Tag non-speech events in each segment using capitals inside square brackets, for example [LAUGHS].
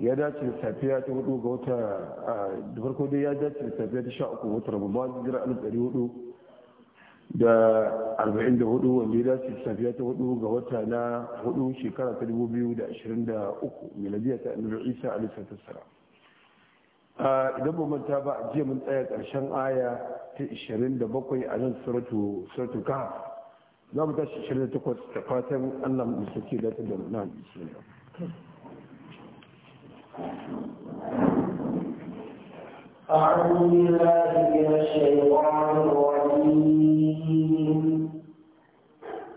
ya dace da safiya ta hudu ga wata da farko dai ya dace da safiya ta sha uku wata ramadan jira alif dari hudu da arba'in da hudu wanda ya dace da safiya ta hudu ga wata na hudu shekara ta dubu biyu da ashirin da uku miladiya ta annabi isa alaihi salam idan ba manta ba a jiya mun tsaya ƙarshen aya ta da bakwai a nan suratu suratu kahf za mu tashi 28 da takwas fatan Allah mu sake da ta da nan bismillah to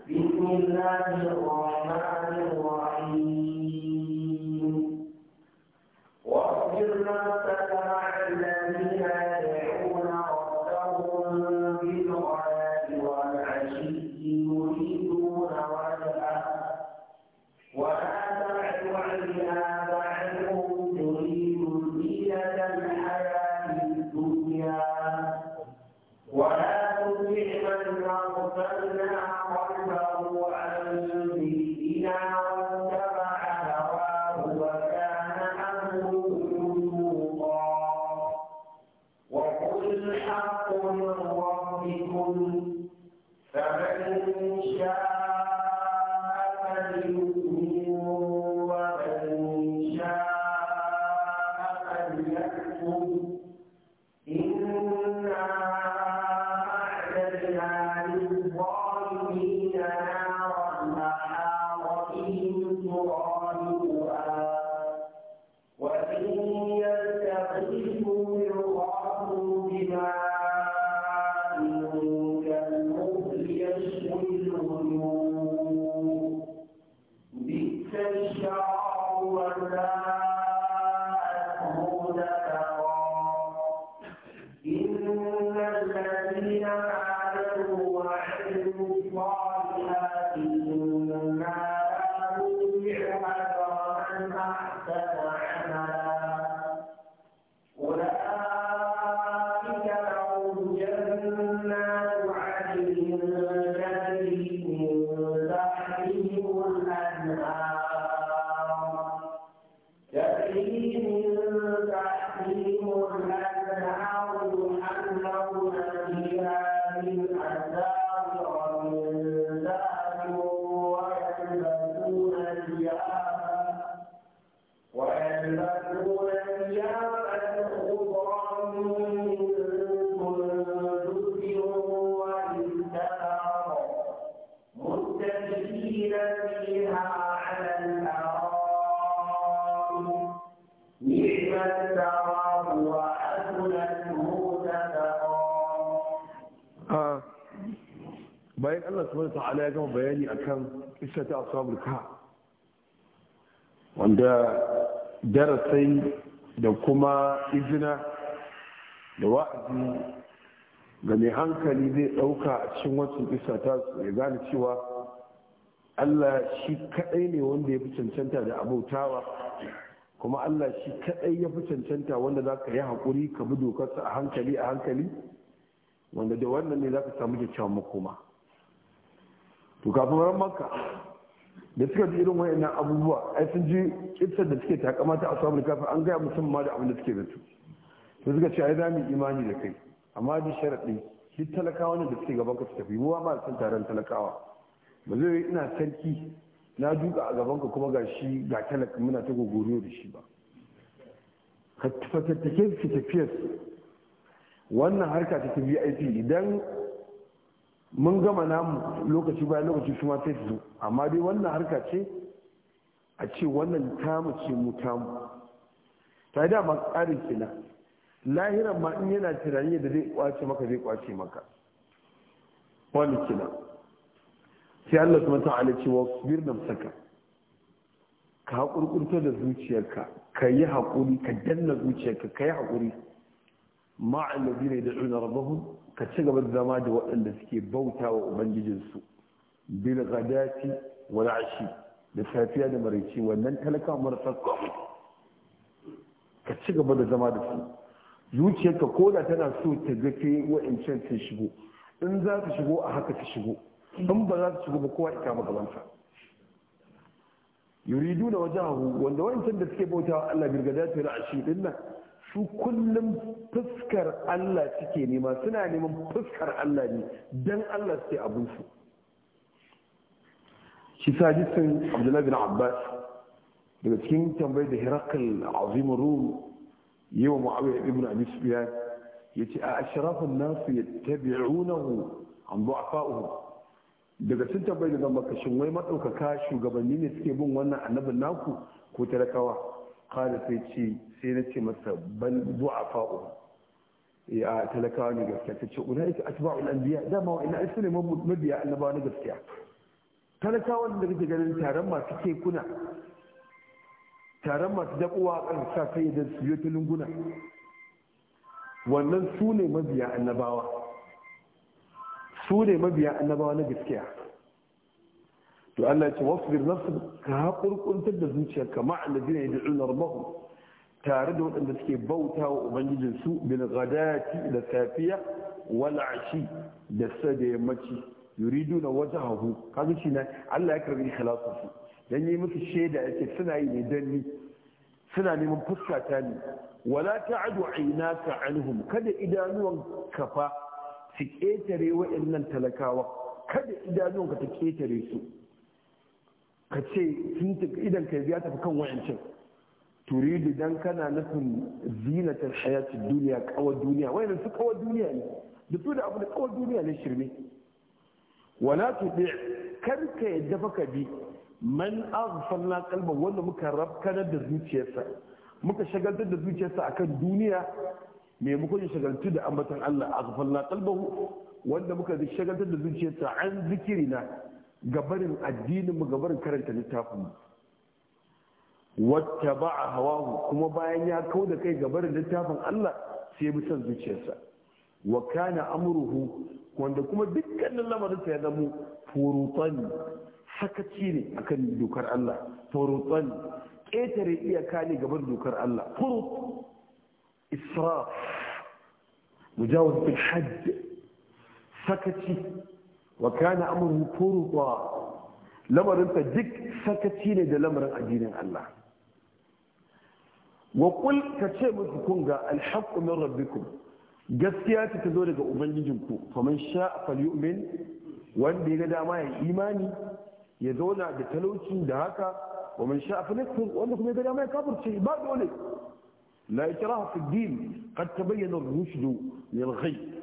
Bismillahirrahmanirrahim. kissa ta ashabul ka wanda darasai da kuma izina da wa'azi ga mai hankali zai ɗauka a cikin wancan isa ta ya gane cewa allah shi kaɗai ne wanda ya fi cancanta da abautawa kuma allah shi kaɗai ya fi cancanta wanda za ka yi haƙuri ka bi dokarsa a hankali a hankali wanda da wannan ne za ka samu kyakkyawan makoma to kafin ran makka da suka ji irin wayannan abubuwa ai sun ji kitsar da suke takamata a samun kafin an gaya musamman da abin da suke da su to suka ce ai za mu imani da kai amma da sharaɗi shi talakawa ne da suke gaban ka su tafi mu ba san taron talakawa ba zai ina sarki na duka a gaban ka kuma ga shi ga talaka muna ta gogoro da shi ba ka fatattake su tafiyar wannan harka ta tafi idan mun gama namu lokaci bayan lokaci su ma sai su zo amma dai wannan harka ce a ce wannan tamu ce mu tamu ta yi dama ƙarin kina lahiran ma in yana tiraniya da zai kwace maka zai kwace maka wani kina sai Allah mata ala cewa ce wasbir saka ka haƙurƙurta da zuciyarka ka yi haƙuri ka danna zuciyarka ka yi haƙuri ma'allabi ne da ɗuna rabahun ka ci gaba da zama da waɗanda suke bauta wa ubangijinsu bil gadati wal ashi da safiya da maraice wannan talaka marasa komai ka ci gaba da zama da su zuciyarka ko da tana so ta gafe wa'ancan ta shigo in za ta shigo a haka ta shigo in ba za ta shigo ba kowa ita magabansa yuridu na wajahu wanda wa'ancan da suke bautawa Allah bil gadati wal ashi din nan su kullum fuskar Allah suke nema suna neman fuskar Allah ne don Allah suke abinsu shi sadisin abdullahi bin abbas daga cikin tambayar da herakal azim rum yi wa mu'awiyar ibn abi sufyan ya ce a ashirafin nasu ya runahu an daga sun tambayar da zamba makashin wai maɗaukaka shugabanni ne suke bin wannan annabin naku ko talakawa Kada sai ce sai na ce masa ban zuwa fa'o ya talakawa ne gaskiya ta ce una yake wani biya. dama wa ina ne mabiya annabawa na gaskiya talakawan da kake ganin taron masu kekuna taron masu dakowa a kan sa sai da su yi tulunguna wannan su ne mabiya annabawa su ne mabiya annabawa na gaskiya to Allah ce wasbir nafsu ka haƙurƙuntar da zuciyarka ma'al ladina yad'una rabbahum tare da waɗanda suke bauta wa ubangijinsu bil ghadati da safiya wal ashi da sada yammaci yuriduna wajhahu kaga shi na Allah ya karbi ikhlasu dan yi musu shaida yake suna yi ne dan ni suna neman fuska ta ni wala ta'adu aynaka anhum kada idanuwan kafa su ƙetare waɗannan talakawa kada idanuwanka ta ƙetare su ka ce sun idan ka biya tafi kan wayancin turidu dan kana nufin zinatar hayatun duniya kawar duniya wayannan su kawar duniya ne da su da abu da kawar duniya ne shirme wala tuti kar ka ya dafa ka bi man aghfalna qalban wanda muka rabkana da zuciyarsa muka shagaltar da zuciyarsa akan duniya maimakon ya shagaltu da ambatan Allah aghfalna qalbahu wanda muka shagaltar da zuciyarsa an zikirina gabarin addinin mu gabarin karanta littafinmu. mu wata ba a hawahu kuma bayan ya kau da kai gabarin littafin Allah sai bi son zuciyarsa wa kana amruhu wanda kuma dukkanin lamarinsa ya zamo furutan sakaci ne akan dokar Allah furutan ƙetare iya ne gabar dokar Allah furut israf mujawaz bil hajj sakaci wa kana amruhu furqa lamarin duk sakaci ne da lamarin addinin Allah wa qul ka ce muku kun ga alhaqqu min rabbikum gaskiya ta zo daga ubangijinku faman sha falyu'min wanda ya ga dama ya imani ya zauna da talauci da haka wa man sha falyakfur wanda kuma ya ga dama ya kafirce ba dole la ikraha fi din qad tabayyana ar-rushd min al-ghayb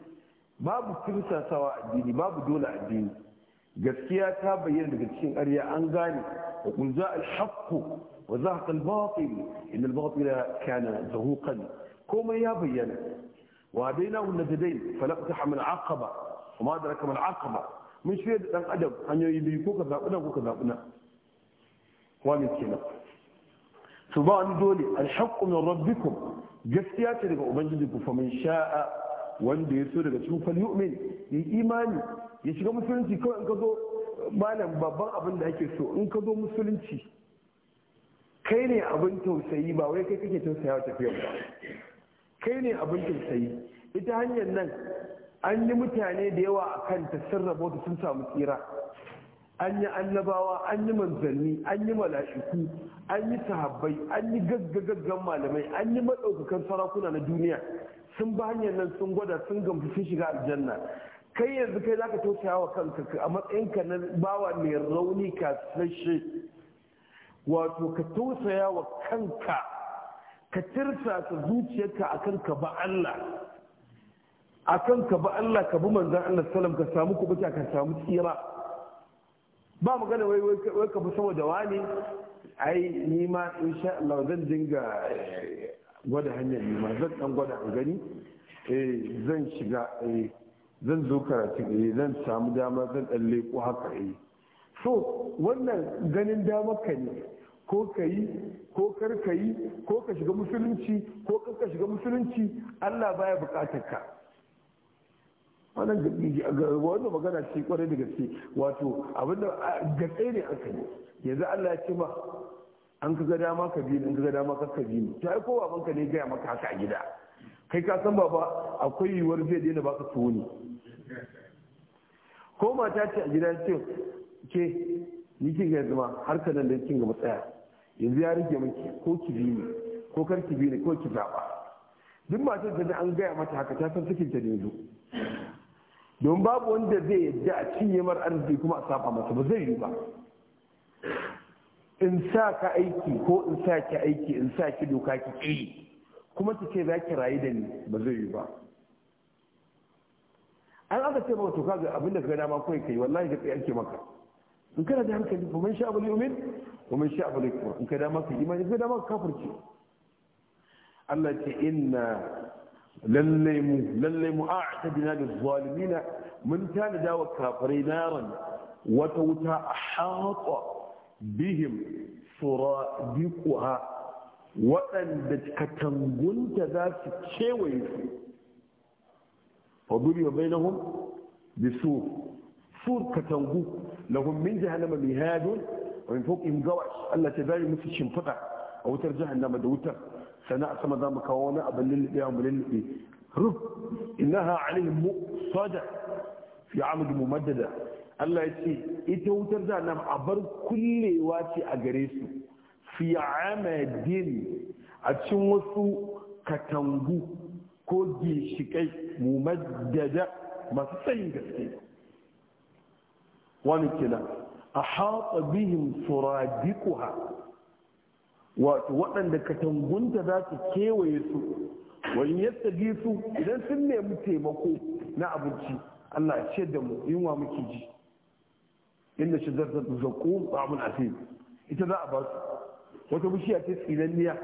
babu kirtasawa addini babu dole addini gaskiya ta bayyana daga cikin arya an gane wa kun za alhaqqu wa zahaqa albatil inna albatila kana zahuqan komai ya bayyana wa daina hun najdain falaqta hamal aqaba wa ma adraka mal aqaba mun shirya da dan adam hanyoyi biyu ko ka zabi nan ko ka zabi nan wani kenan su ba wani dole alhaqqu min rabbikum gaskiya ce daga ubangiji ku fa man sha'a wanda ya so daga cikin fal ya ya imani ya shiga musulunci kawai in ka zo malam babban abin da ake so in ka zo musulunci kai ne abin tausayi ba wai kai kake tausaya wa tafiyar ba kai ne abin tausayi ita hanyar nan an yi mutane da yawa a kan sun rabota sun samu tsira an yi annabawa an yi manzanni an yi mala'iku an yi sahabbai an yi gaggagaggan malamai an yi maɗaukakan sarakuna na duniya sun ba hanyar nan sun gwada sun gamfi sun shiga aljanna kai yanzu kai zaka tausaya wa kanka a ka na bawa mai rauni ka sashe. wato ka tausaya wa kanka ka tirsa ka zuciyarka akan ka ba Allah akan ka ba Allah ka bi manzon Allah sallam ka samu kubuta ka samu tsira ba magana wai wai ka bi sama da wani ai ni ma insha Allah zan dinga eh, gwada hanyar nema zan dan gwada a gani eh, zan shiga eh, zan zo karatu eh, zan samu dama zan dan leko haka yi so wannan ganin dama ka ne ko ka yi ko kar ka yi ko ka shiga musulunci ko kar ka shiga musulunci Allah baya bukatar ka wannan wanda magana ce kwarai da gaske wato abinda ga tsaye ne aka yi yanzu Allah ya ce ma an ka ga dama ka biyu an ka ga dama ka ka biyu ta ko kowa ne gaya maka haka a gida kai ka san baba akwai yiwuwar zai daina baka tuwo ne ko mata ce a gida ce ke ni ke ga zama har ka nan da kin gaba tsaya yanzu ya rage miki ko ki bi ne ko kar ki bi ne ko ki zaba duk matar da an gaya mata haka ta san sakin ta ne yanzu don babu wanda zai yadda a cinye mar arziki kuma a saba masa ba zai yi ba in sa ka aiki ko in sa ki aiki in sa ki doka ki ƙi kuma ki ce za ki rayu da ni ba zai yi ba an aka ce maka to kaga abin da ka dama kawai kai wallahi ka tsaye ake maka in kana da hankali ba man sha abu yumin wa man sha abu yakfur in ka dama ka imani ka dama ka kafirce Allah ce inna lallai mu lallai mu a'tadina lil zalimin mun tana dawa kafirai naran wata wuta a haƙa bihim suradiquha waɗanda katangunta za su kewaye su faduri wa bainahum bisur sur katangu lahum min jahannama mihadun wa min fawqihim gawash Allah ta zari musu shimfiɗa a wutar jahannama da wutar sana a sama za mu kawo wani abin lulluɓe mu lulluɓe ruf innaha alaihim muqsada fi amad mumaddada Allah ya ce ita wutar jahannam a bar kullewa ce a gare su fi amadin a cikin wasu katangu ko ginshikai madada masu tsayin gaske wani kina a haɗa bihin suradikuha wato waɗanda katangunta za su kewaye su wani yadda su idan sun nemi taimako na abinci Allah ce da mu wa muke ji inda da kuma ta'amun asiri ita za a ba su wata bishiya ce tsinanniya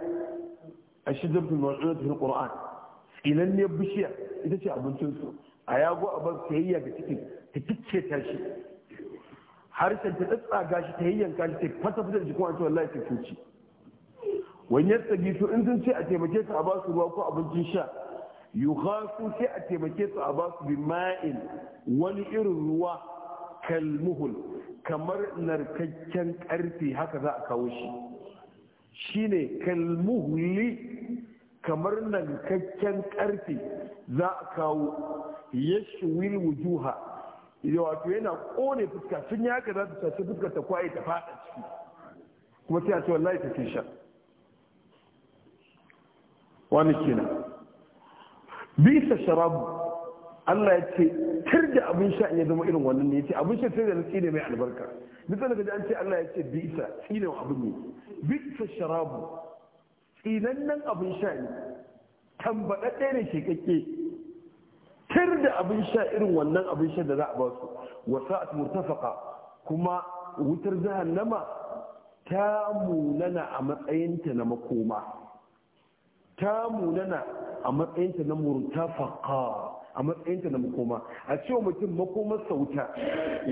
a shajarta ma'unatu fil qur'an tsinanniyar bishiya ita ce abincinsu a yago a su sayayya ga cikin ta kicce ta shi harshen ta ga shi ta yayyanka shi ta fata fata da jikin an ce wallahi ta cuci wani yadda gisu in sun ce a taimake su a ba su ruwa ko abincin sha yughasu sai a taimake su a ba su bi ma'in wani irin ruwa kalmuhul kamar narkakken karfe haka za a kawo shi shi ne kalmuhuli kamar narkakken ƙarfe za a kawo yashwil wujuha wato yana kone fuska sun yi haka za ta sace fuska ta kwaye ta fada ciki kuma sai a ce wallahi ta kisha wani kenan bisa sharabu Allah ya ce tir da abin sha ya zama irin wannan ne ya ce abin sha sai da na ne mai albarka duk da kaji an ce Allah ya ce bisa isa abin ne bisa isa sharabu tsinannan abin sha ne tambaɗa ɗaya ne shekakke tir da abin sha irin wannan abin sha da za a ba su wasa'at murtafaka kuma wutar jahannama ta munana a matsayinta na makoma ta munana a matsayinta na murtafaka a matsayinta na makoma a cewa mutum makomar sauta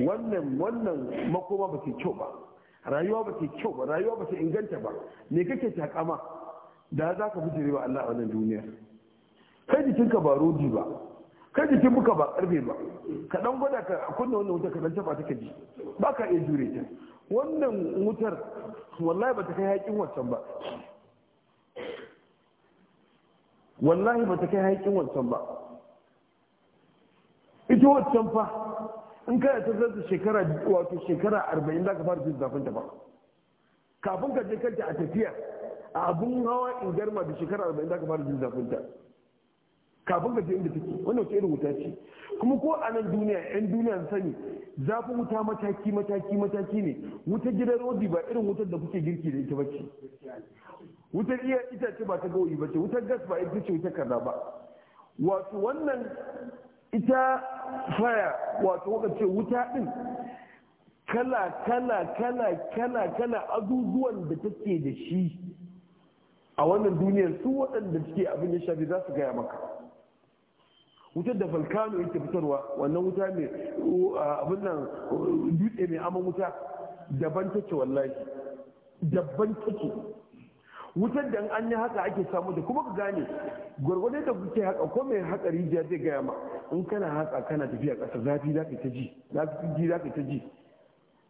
wannan wannan makoma ba ta kyau ba rayuwa ba ta kyau ba rayuwa ba ta inganta ba me kake takama da za ka fice wa Allah a wannan duniya kai jikinka ba rodi ba kai jikin muka ba karfe ba ka dan gwada ka kunna wannan wuta ka dan taba ta ji ba ka iya jure ta wannan wutar wallahi ba ta kai haƙin wancan ba wallahi ba ta kai haƙin wancan ba ita waccan fa in kai ta zarta shekara wato shekara arba'in za ka fara jin zafin ta ba kafin ka je kanta a tafiya a abun hawa in garma da shekara arba'in za ka fara jin zafin ta kafin ka je inda take wannan wace irin wuta ce kuma ko a nan duniya yan duniya sani zafin wuta mataki mataki mataki ne wutar gidan rodi ba irin wutar da kuke girki da ita bace wutar iya itace ba ta gawayi bace wutar gas ba ita ce wutar karna ba wato wannan ita faya wato waka wuta din kala kala kala kala kala azuzuwan da take da shi a wannan duniyar su waɗanda suke abin ya shafi za su gaya maka wutar da falkano yake fitarwa wannan wuta mai abin nan dutse mai aman wuta daban take wallahi daban take wutar da an yi haka ake samu da kuma ka gane gwargwadon da kuke haka ko mai haka rijiya zai gaya ma in kana hatsa kana tafiya ƙasa zafi za ka ta ji zafi ji za ka ta ji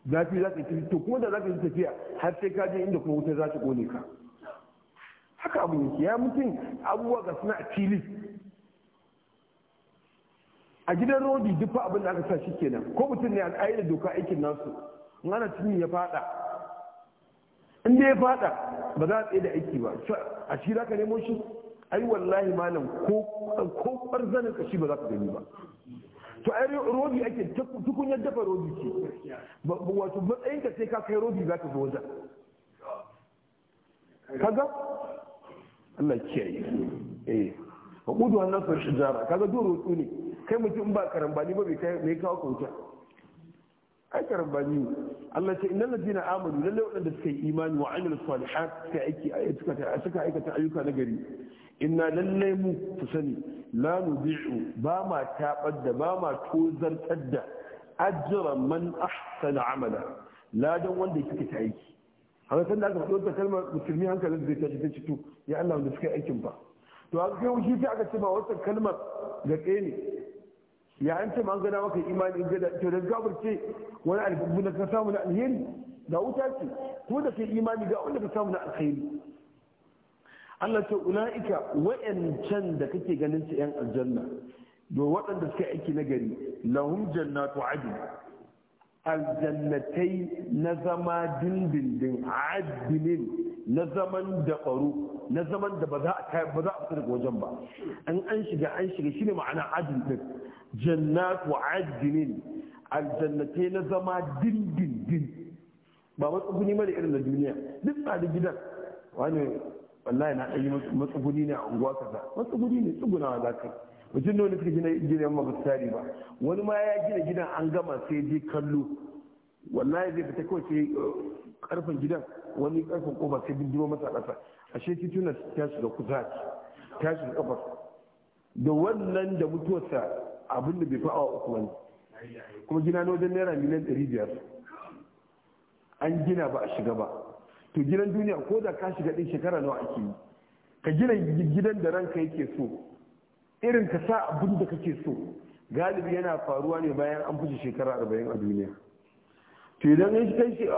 zafi za ka ta ji to kuma da za ka ji tafiya har sai ka je inda kuma wutar za ta ƙone ka haka abu yake ya mutum abubuwa ga suna a fili a gidan rodi duk fa abin da aka sa shi kenan ko mutum ne a da doka aikin nasu in ana tuni ya fada in ya fada ba za a tsaye da aiki ba a shi za ka nemo shi ai wallahi malam ko ko barzanin kashi ba za ka gani ba to ai rodi ake yadda dafa rodi ce wato matsayin ka sai ka kai rodi za ka zo wajen kaga Allah kiyaye eh wa kudu wannan sun shijara kaga duro rutsu ne kai mutum ba karambani ba bai kai mai kawo kauta ai karambani Allah ce innal ladina amanu lalle wadanda suka yi imani wa amilus salihat sai aiki suka suka aikata ayyuka na gari inna lallai mu ku sani la bi'u ba ma tabar da ba ma tozartar da ajra man ahsana amala ladan wanda kike ta aiki har san da aka fito ta kalmar musulmi hankalin zai tashi ta to ya Allah wanda suka aikin ba to aka kai shi sai aka ce ba wata kalmar ga tsaye ne ya an ce man gana maka imani in gada to da ce wani albubu da ka samu na alheri ga wuta ce ko da kai imani ga wanda ka samu na alheri Allah ce ula'ika wa'yancan da kake ganin su 'yan aljanna do waɗanda suka aiki na gari lahum jannatu adin aljannatai na zama dindindin adinin na zaman da ƙwaro na zaman da ba za a ba za a fita daga wajen ba an an shiga an shiga shine ma'ana adin din jannatu adinin aljannatai na zama dindindin ba matsuguni mara irin na duniya duk da gidan wani wallahi na ɗanyi matsuguni ne a unguwa kaza matsuguni ne tsugunawa za ka mutum ne suka gina gidan mabustari ba wani ma ya gina gidan an gama sai je kallo wallahi zai fita kawai sai karfin uh, gidan wani karfin kofa sai bindiro masa ƙasa ashe tituna ta shiga kusa ta shiga kafar da wannan da mutuwarsa abin da bai fi awa uku wani kuma gina na wajen naira miliyan ɗari biyar an gina ba a shiga ba to gidan duniya ko da ka shiga ɗin shekara nawa ake yi ka gina gidan da ranka yake so irin ka sa abin da kake so galibi yana faruwa ne bayan an fushi shekara arba'in a duniya to idan ya kai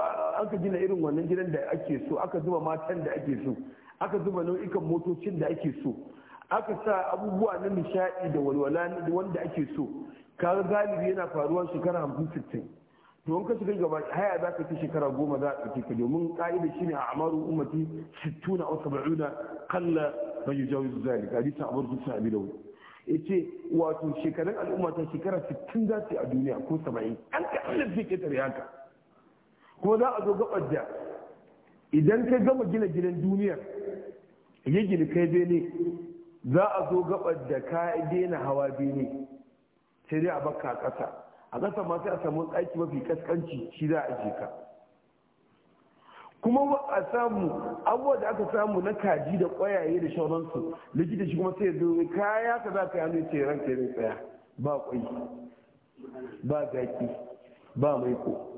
aka gina irin wannan gidan da ake so aka zuba matan da ake so aka zuba nau'ikan motocin da ake so aka sa abubuwa na nishaɗi da walwala wanda ake so kaga galibi yana faruwa shekara hamsin sittin to wanka ka shiga gaba haya za ka fi shekara goma za a ɗauke ka domin shi shine a amaru ummati sittuna aw sab'una qalla man yujawizu zalika hadisi abu rusul abi Ya yace wato shekarun al'umma ta shekara 60 za su yi a duniya ko 70 an ka Allah zai ketare haka ko za a zo gabar da idan ka gama gina gidan duniyar ya gina kai bene za a zo gabar da ka daina hawa bene sai dai a baka ƙasa a zata ma sai a samu tsaki mafi kaskanci shi za a je ka kuma a samu abuwa da aka samu na kaji da ƙwayaye da shauransu likita shi kuma sai zai kaya ka za ka yano ce ranka ya tsaya ba kwai ba zaki ba maiko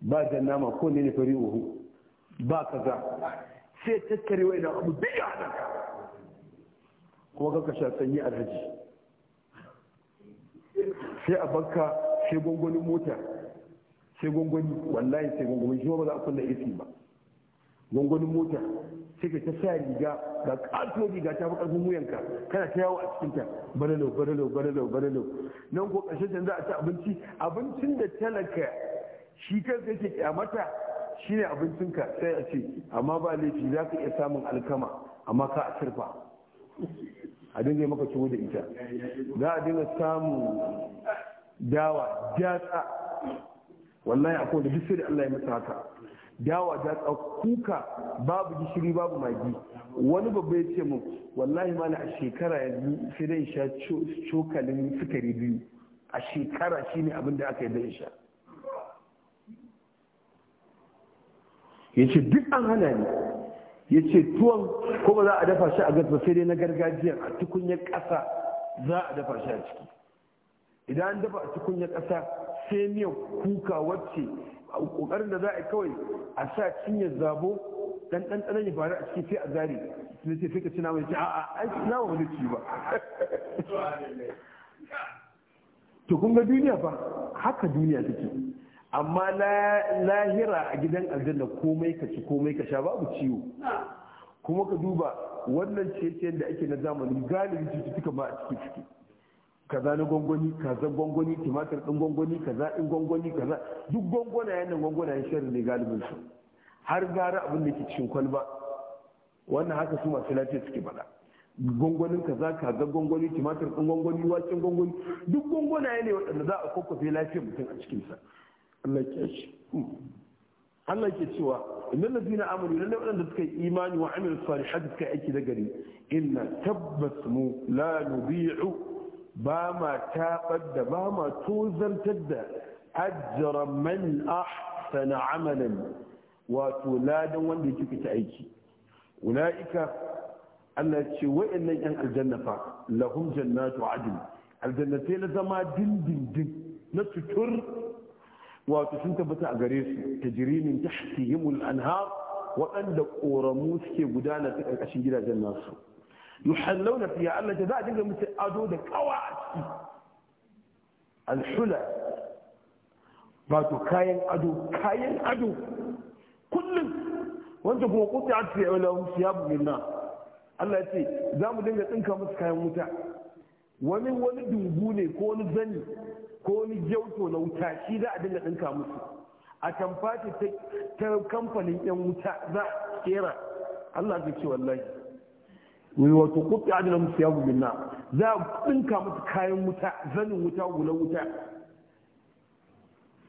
ba jan nama ko ne ne fari uhu ba kaza sai tattare wa idan abu biyu a nan kuma ka sha sanyi alhaji sai a banka sai gwangwanin mota sai gwangwani wallahi sai gwangwani shi ba za a kulle AC ba gwangwanin mota sai ka ta sa riga ga katuwa riga ta fi karfin wuyanka kana ta yawo a cikinta baralo baralo baralo baralo nan ko ƙarshen can za a ci abinci abincin da talaka shi kansa yake kyamata shine abincinka sai a ce amma ba laifi za ka iya samun alkama amma ka a sirfa a dinga maka ciwo da ita za a dinga samun dawa jatsa wallahi akwai da duk Allah ya mutu haka dawa jatsa kuka babu gishiri babu magi wani babba ya ce mu wallahi mana a shekara yanzu sai dai sha cokalin sukari biyu a shekara shine abin da aka yi da sha ya ce duk an hana ni ya ce tuwon ko ba za a dafa shi a gas sai dai na gargajiyar a tukunyar ƙasa za a dafa shi a ciki idan an dafa a cikin ya ƙasa sai miyan kuka wacce ƙoƙarin da za a kawai a sa cinye zabo dan dan dan ya faru a cikin sai a zare sai sai fika cina mai a'a ai cina ba zai ci ba [LAUGHS] to kun ga duniya ba, haka duniya take amma lahira a gidan aljanna komai ka ci komai ka sha babu ciwo kuma ka duba wannan ce da ake na zamani galibin cututtuka ba a cikin ciki kaza na gwangwani kaza gwangwani timatir ɗin gwangwani kaza ɗin gwangwani kaza duk gwangwana yanan gwangwana ya shirin ne galibin su har gara abin da ke cikin kwalba wannan haka su masu lafiya suke faɗa gwangwanin kaza kaza gwangwani timatir ɗin gwangwani wakin gwangwani duk gwangwana ne waɗanda za a kwakwafe lafiyar mutum a cikinsa Allah ke shi hmm. Allah ke cewa innal ladina amanu lalle waɗanda suka yi imani wa amilu salihati suka yi aiki da gari inna tabbas mu la nubi'u ba ma taɓar da ba ma tozartar da ajiyar man ahsana wato ladan wanda ya kika ta aiki ula'ika Allah ce wa'annan yan aljannafa lahum jannatu adn aljannatai na zama dindindin na tutur wato sun tabbata a gare su tajrimin tahtihimul anhar waɗanda ƙoramu suke gudana ta ƙarƙashin gidajen nasu yuhallawna fiha Allah ta za a dinga musu ado da kawa a ciki alhula to kayan ado kayan ado kullum wanda kuma kuta a fiye wala wasu ya bugi na Allah ya ce za mu dinga tsinka musu kayan wuta wani wani dungu ne ko wani zani ko wani gyauto na wuta shi za a dinga tsinka musu a tamfa ta kamfanin yan wuta za a kera Allah ya ce wallahi wato wa tuqti musu ya min na za a ɗinka musu kayan wuta zanin wuta gulan wuta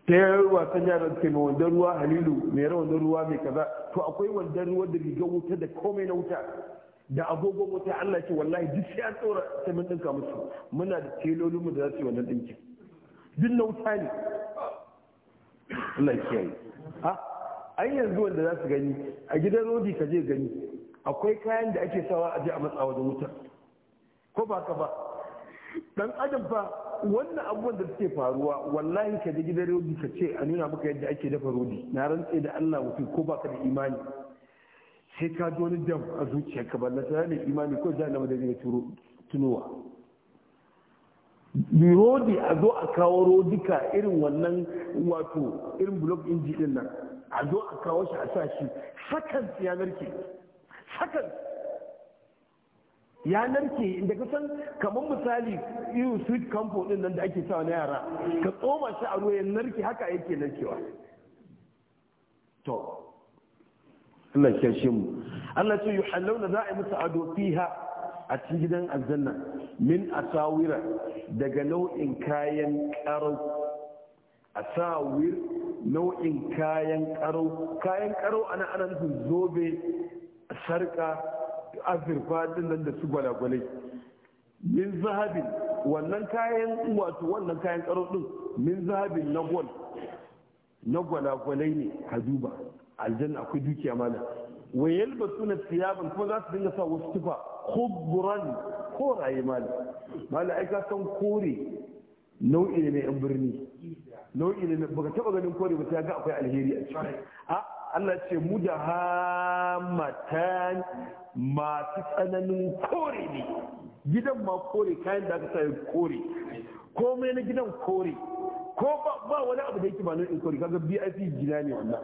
ta yi wasan yaran ke mai wanda ruwa halilu mai yara wanda ruwa mai kaza to akwai wanda ruwa da rigar wuta da komai na wuta da agogon wuta Allah ce wallahi duk sai an tsora sai mun ɗinka musu muna da telolinmu da za su yi wannan ɗinki. duk na wuta ne Allah kiyaye a yanzu wanda za su gani a gidan rodi ka je gani akwai kayan da ake sawa a je a matsawa wajen wutar ko ba ka ba dan adam fa wannan abubuwan da suke faruwa wallahi ka je gidan rodi ka ce a nuna maka yadda ake dafa rodi na rantse da Allah mutum ko ba ka da imani sai ka ji wani dam a zuciya ka ba lantana ne imani ko jahannama da zai tunowa rodi a zo a kawo rodika irin wannan wato irin blok inji din nan a zo a kawo shi a sa shi sakan ya narke hakan ya narke inda ka san kamar misali irin sweet campo din nan da ake sawa na yara ka tsoma shi a ruwa ya narke haka yake narkewa to Allah ya shi mu Allah ce yuhallawna za a ado fiha a cikin gidan aljanna min asawira daga nau'in kayan karo asawir nau'in kayan karo kayan karo ana ana nufin zobe sarka azurfa din nan da su gwalagwale min zahabin wannan kayan wato wannan kayan karo din min zahabin na gwal na gwalagwale ne haduba aljanna akwai dukiya mana Wayal yalbasu na siyaban kuma za su dinga sa wasu tufa khubran koraye mana mana ai ka san kore nau'i ne na yan birni nau'i ne baka taba ganin kore ba sai ga akwai alheri a ciki Allah ce mu da hamatan masu tsananin kore ne gidan ma kore kayan da aka sa kore komai na gidan kore ko ba wani abu da yake ba nan kore kaga BIP gida ne wannan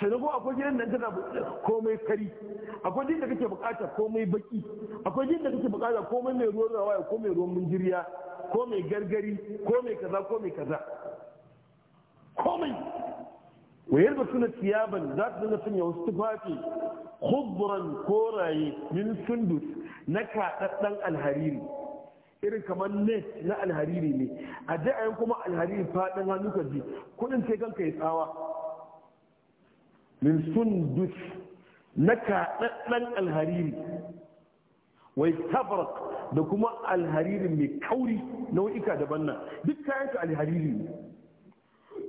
sannan ko akwai gidan nan tana komai kari akwai gidan da kake bukata komai baki akwai gidan da kake bukata komai mai ruwan rawaya ko mai ruwan munjiriya ko mai gargari ko mai kaza ko mai kaza komai wayar da suna tiyaban za su dinga sanya wasu tufafi khubran koraye min sundus na kaɗaɗɗen alhariri irin kamar net na alhariri ne a da'ayin kuma alhariri faɗin hannu ka ji kuɗin sai kanka ya tsawa min sundus na kaɗaɗɗen alhariri wai tabarak da kuma alhariri mai kauri nau'ika daban nan duk kayan ka alhariri ne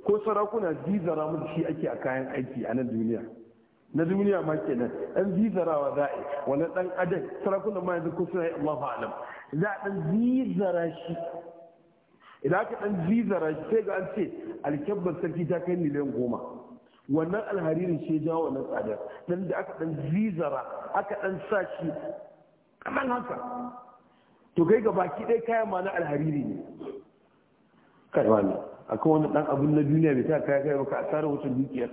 ko sarakuna zizara mun shi ake a kayan aiki a nan duniya na duniya ma kenan dan zizarawa za a yi wani dan adam sarakunan ma yanzu ko suna yi Allahu alam za a dan zizara shi idan aka dan zizara shi sai ga an ce alkebbar sarki ta kai miliyan goma wannan alharirin shi jawo wannan tsadar dan da aka dan zizara aka dan sa shi kaman haka to kai ga baki ɗaya kayan ma na alhariri ne kai akan wani dan abun na duniya bai ta kai kai baka asara wata dukiyar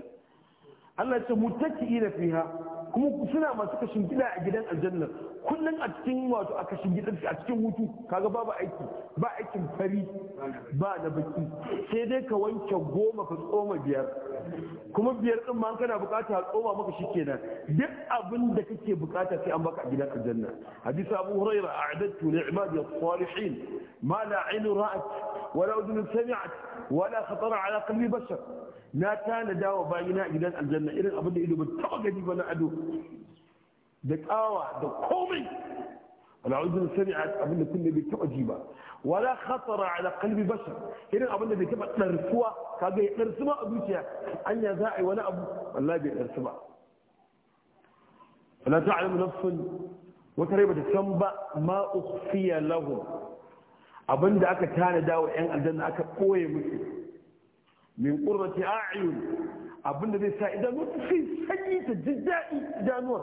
Allah ya ce muttaqiina fiha kuma suna masu kashin gida a gidan aljanna kullun a cikin wato a kashin gida a cikin hutu kaga babu aiki ba aikin fari ba da baki sai dai ka wanke goma ka tsoma biyar kuma biyar din ma kana bukata tsoma maka shikenan duk abin da kake bukata sai an baka a gidan aljanna hadisi abu huraira a'adatu li ibadi as-salihin ma la 'ainu ra'at ولا أذن سمعت ولا خطر على قلب بشر لا كان داوى باينا إلى الجنة إلى أبدا إلى بالتوقع دي بنا أدو دك آوى دك ولا أذن سمعت أبدا كل بالتوقع ولا خطر على قلب بشر إلى أبدا دي كما تنرفوا كاقا يتنرسما أبو شيا أن يزاعي ولا أبو والله بيتنرسما ولا تعلم نفس وتريبة تسمى ما أخفي لهم abin da aka tana dawo 'yan aljanna aka koye musu min qurrati a'yun abin da zai sa idanu su sanyi ta jidda'i idanuwa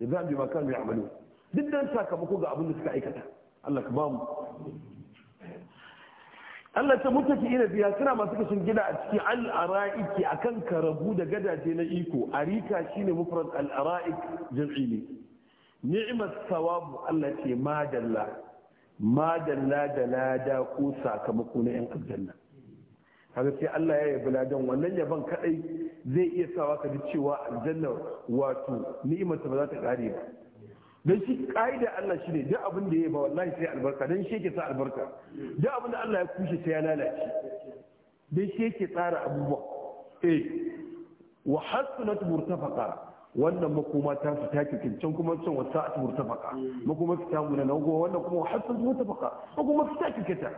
da za bi makar mai amalu duk dan sakamako ga abin da suka aikata Allah ka bamu Allah ta ki ina biya suna masu kashin gida a cikin al'ara'iki akan karabu da gadaje na iko arika shine mufrad al'ara'ik jam'i ne ni'mat sawabu Allah ce madalla ma na da lada ko sakamako na yan aljanna haka sai Allah ya yabi ladan wannan yaban kadai zai iya sawa ka ji cewa aljanna wato ni'imar ta ba za ta kare ba dan shi kaida Allah shine duk abin da ya ba wallahi sai albarka dan shi yake sa albarka duk abin da Allah ya kushe sai ya lalace dan shi yake tsara abubuwa eh wa hasanat murtafaqa wannan makoma ta su take kincin kuma can wata a tumur baka makoma fita mu na nago wannan kuma har sun zuwa ta baka makoma fita kikita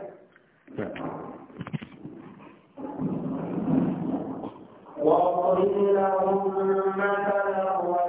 وَقُلْ لَهُمْ مَثَلًا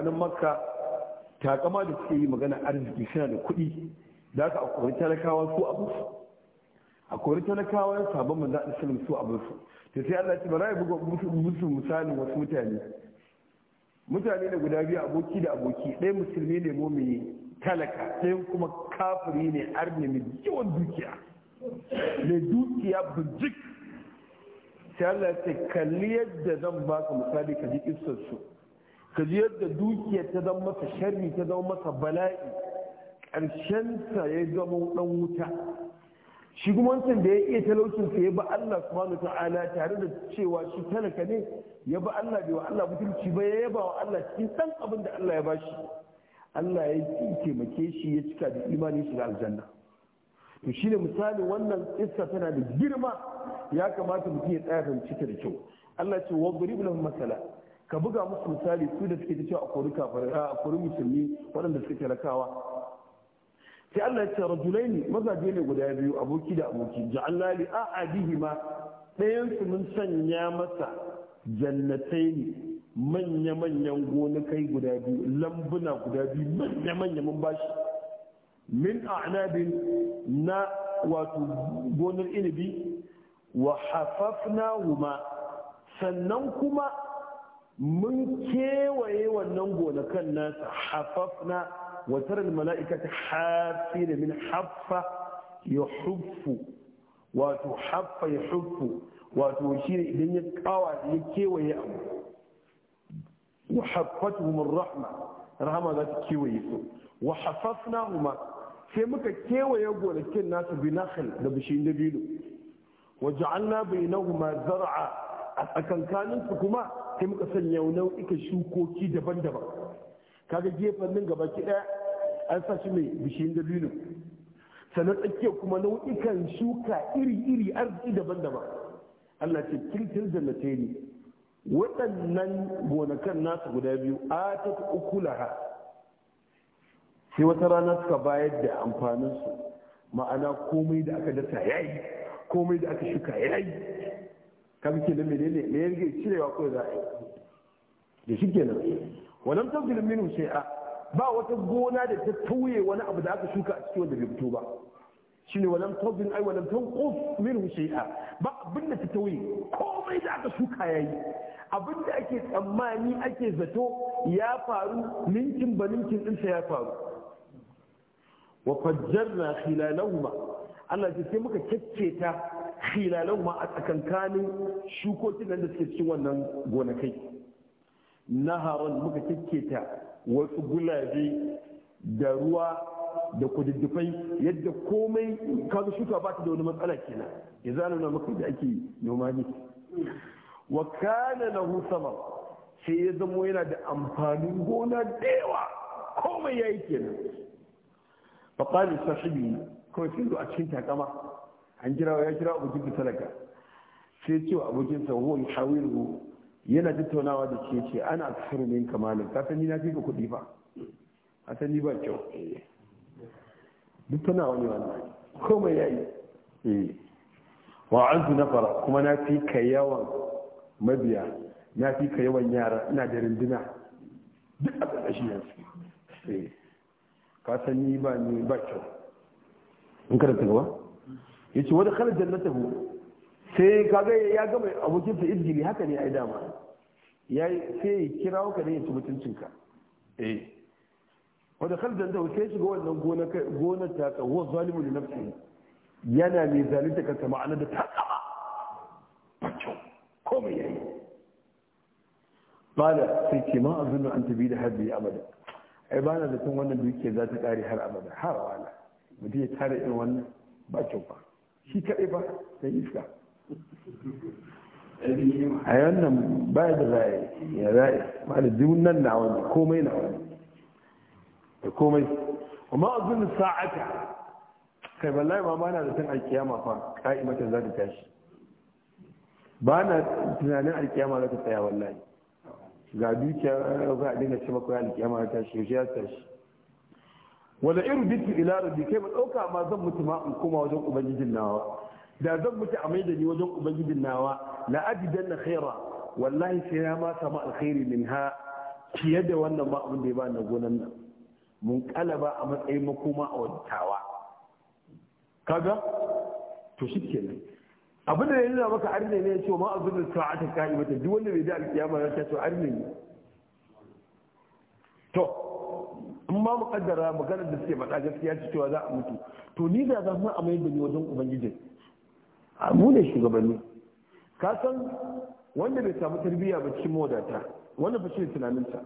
mutanen makka takama da suke yi magana arziki suna da kuɗi da aka akwai talakawa su abu su akwai talakawa sabon manzo a islam su abu su ta sai Allah ce bara ya buga musu misalin wasu mutane mutane da guda biyu aboki da aboki ɗaya musulmi ne mu mai talaka ɗayan kuma kafiri ne arne mai yawan dukiya mai dukiya bujik sai Allah ya ce kalli yadda zan baka misali ka ji kissar su ka ji yadda dukiya ta zama masa sharri ta zama masa bala'i ƙarshensa ya zama ɗan wuta shi kuma wancan da ya iya talaucin ya ba Allah subhanahu ta'ala tare da cewa shi talaka ne ya ba Allah bai wa Allah mutunci ba ya yaba wa Allah cikin san abin da Allah ya bashi Allah ya taimake shi ya cika da imani shi ga aljanna to shine misalin wannan kissa tana da girma ya kamata mutum ya tsaya fahimci ta da kyau Allah ce wa gurib lahum masala ka buga musu misali su da suke cewa a kori a kori musulmi waɗanda suke talakawa sai Allah ya ce rajulaini mazaje ne guda biyu aboki da aboki ja'alna li a'adihima ɗayan su mun sanya masa ne, manya-manyan gonakai guda biyu lambuna guda biyu manya-manya mun bashi min a'nabin na wato gonar inibi wa hafafna huma sannan kuma mun kewaye wannan gonakan nasa hafafna wa taral mala'ikata hafina min haffa yuhuffu wato haffa yuhuffu wato shine idan ya kawa ya kewaye abu wa haffatuhum rahma rahama za ta kewaye su wa hafafnahuma sai muka kewaye gonakin nasu bi nakhl da bishin dabilu. wa ja'alna bainahuma zar'a a tsakankanin kuma sai muka sanya nau'ikan shukoki daban-daban kaga gefen nan gaba ki an sa shi mai bishiyin dabino sannan tsakiya kuma nau'ikan shuka iri-iri arziki daban-daban Allah ce kirkin ne waɗannan gonakan nasu guda biyu a ta ukulaha sai wata rana suka bayar da amfaninsu ma'ana komai da aka dasa yayi komai da aka shuka yayi kan ke da menene ne cirewa ko za a yi da shi kenan wannan ba wata gona da ta tauye wani abu da aka shuka a cikin wanda bai fito ba shine walam tazin ai walam tanqus minhu shay'a ba abinda ta tauye komai da aka shuka yayi abin da ake tsammani ake zato ya faru ninkin ba ninkin din sa ya faru wa fajjarna khilalahuma Allah ya sai muka kyakketa khilalau ma a tsakankanin shukokin nan da suke cikin wannan gonakai naharon muka kekketa wasu gulaje da ruwa da kududdufai yadda komai kaga shuka ba ta da wani matsala kenan ya zana na maka da ake noma ne wa kana lahu sai ya zamo yana da amfanin gona da yawa komai yayi kenan fa qala sahibi kawai sai a cikin takama an kira ya kira abokin da talaka sai ce wa abokin sa huwa yuhawiru yana tattaunawa da ke ce ana aksar min kamalin ka san ni na fika kuɗi fa a san ni ba kyau duk tana wani wannan komai yayi eh wa antu nafara kuma na fi ka yawan mabiya na fi ka yawan yara ina da rinduna duk a ƙarƙashin yansu eh. ka san ni ba ni ba kyau in karanta gaba yace wani khala jannatahu sai kaga ya gama abokinsa sa izgili haka ne ai dama yayi sai kirawo ka ne ya ci mutuncinka eh wani wanda kala jannatahu sai shiga wannan gonar gonar ta ka huwa zalimu li nafsihi yana mai zalunta kansa ma'ana da takaba bacin komai yayi bala sai ce ma azunu an tabi da hadbi abada ai ba na zaton wannan dukiya za ta kare har abada har wala mutum ya tare irin wannan ba ba shi kaɗai ba da iska a yannan ba da zai ya zai ma da nan na wani komai na wani da komai amma a zunin sa'ata kai wallahi ma ba na da tun alkiyama fa ka'imatan za ta tashi ba na tunanin alkiyama za ta tsaya wallahi ga dukiya za a dinga ce maka alkiyama za ta tashi yaushe za tashi wala irbitu ila rabbi kai ba dauka ma zan mutu ma in koma wajen ubangijin nawa da zan mutu a maida ni wajen ubangijin nawa la ajidanna khaira wallahi sai ya ma samu alkhairi minha fiye da wannan ba abin da ya ba na gonan nan mun kalaba a matsayin makoma a wattawa kaga to shi abin da ya nuna maka arne ne ya ce ma azul sa'ata ka'imata duk wanda bai da alkiyama ya ce to arne ne to ma mu kaddara maganar da suke faɗa gaskiya ce cewa za a mutu to ni da za mu a mai da ni wajen ubangiji a mu ne shugabanni ka san wanda bai samu tarbiyya ba cikin mawadata wanda ba shi ne tunaninsa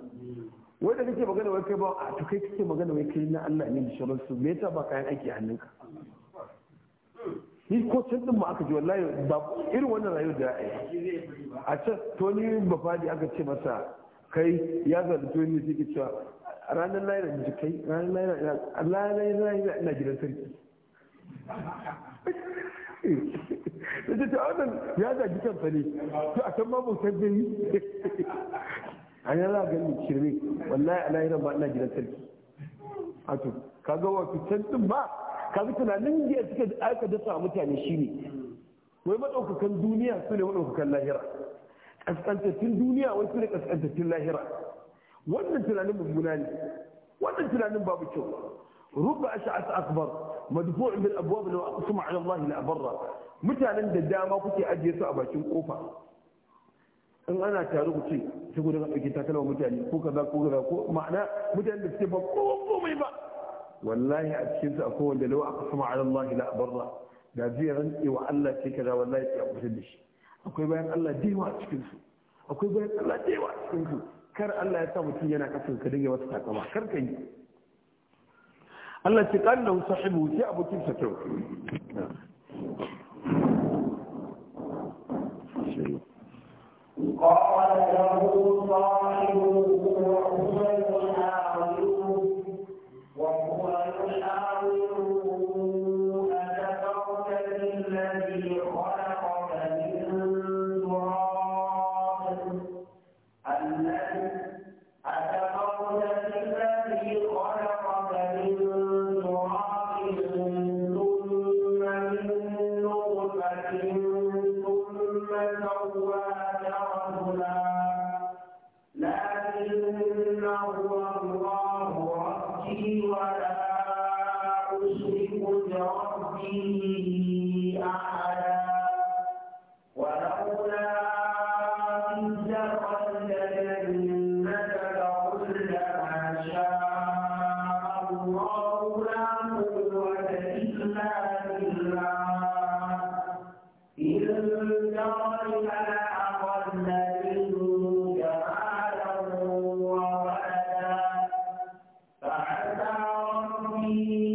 wai da kake magana wai kai ba a to kai kake magana wai kai na Allah ne da shirin su me yasa ba kayan aiki hannunka ni ko can din mu aka ji wallahi ba irin wannan rayuwar da ai a can to ni ba fadi aka ce masa kai ya zalunto ni sai cewa ranar lahira in ji kai ranar lahira ina gidan sarki da ce ta wannan ya zagi kansa ne to a kan babu san gani a yi ala ganin shirme wallahi ala yi ba ina gidan sarki wato ga wato can din ba kaga tunanin jiya suka aka dasa mutane shine wai maɗaukakan duniya su ne maɗaukakan lahira kaskantattun duniya wai su ne kaskantattun lahira wannan tunanin mummuna ne wannan tunanin babu kyau ruba ash'at akbar madfu' bil abwab wa aqsama ala Allah la barra mutanen da dama kuke ajiye su a bakin kofa in ana tare ku ce sai ku daga dauke takalma mutane ko kaza ko kaza ko ma'ana mutanen da suke ba ko komai ba wallahi a cikin su akwai wanda lawa aqsama ala Allah la barra da zai rantse wa Allah ce kaza wallahi ya kusa da shi akwai bayan Allah da yawa a cikin su akwai bayan Allah da yawa a cikin su kar Allah ya sa mutum yana kasan ka dinga wasu takama kar ka yi Allah ce kan da sahibu sai abokin sa kyau قال له صاحبه الرحيم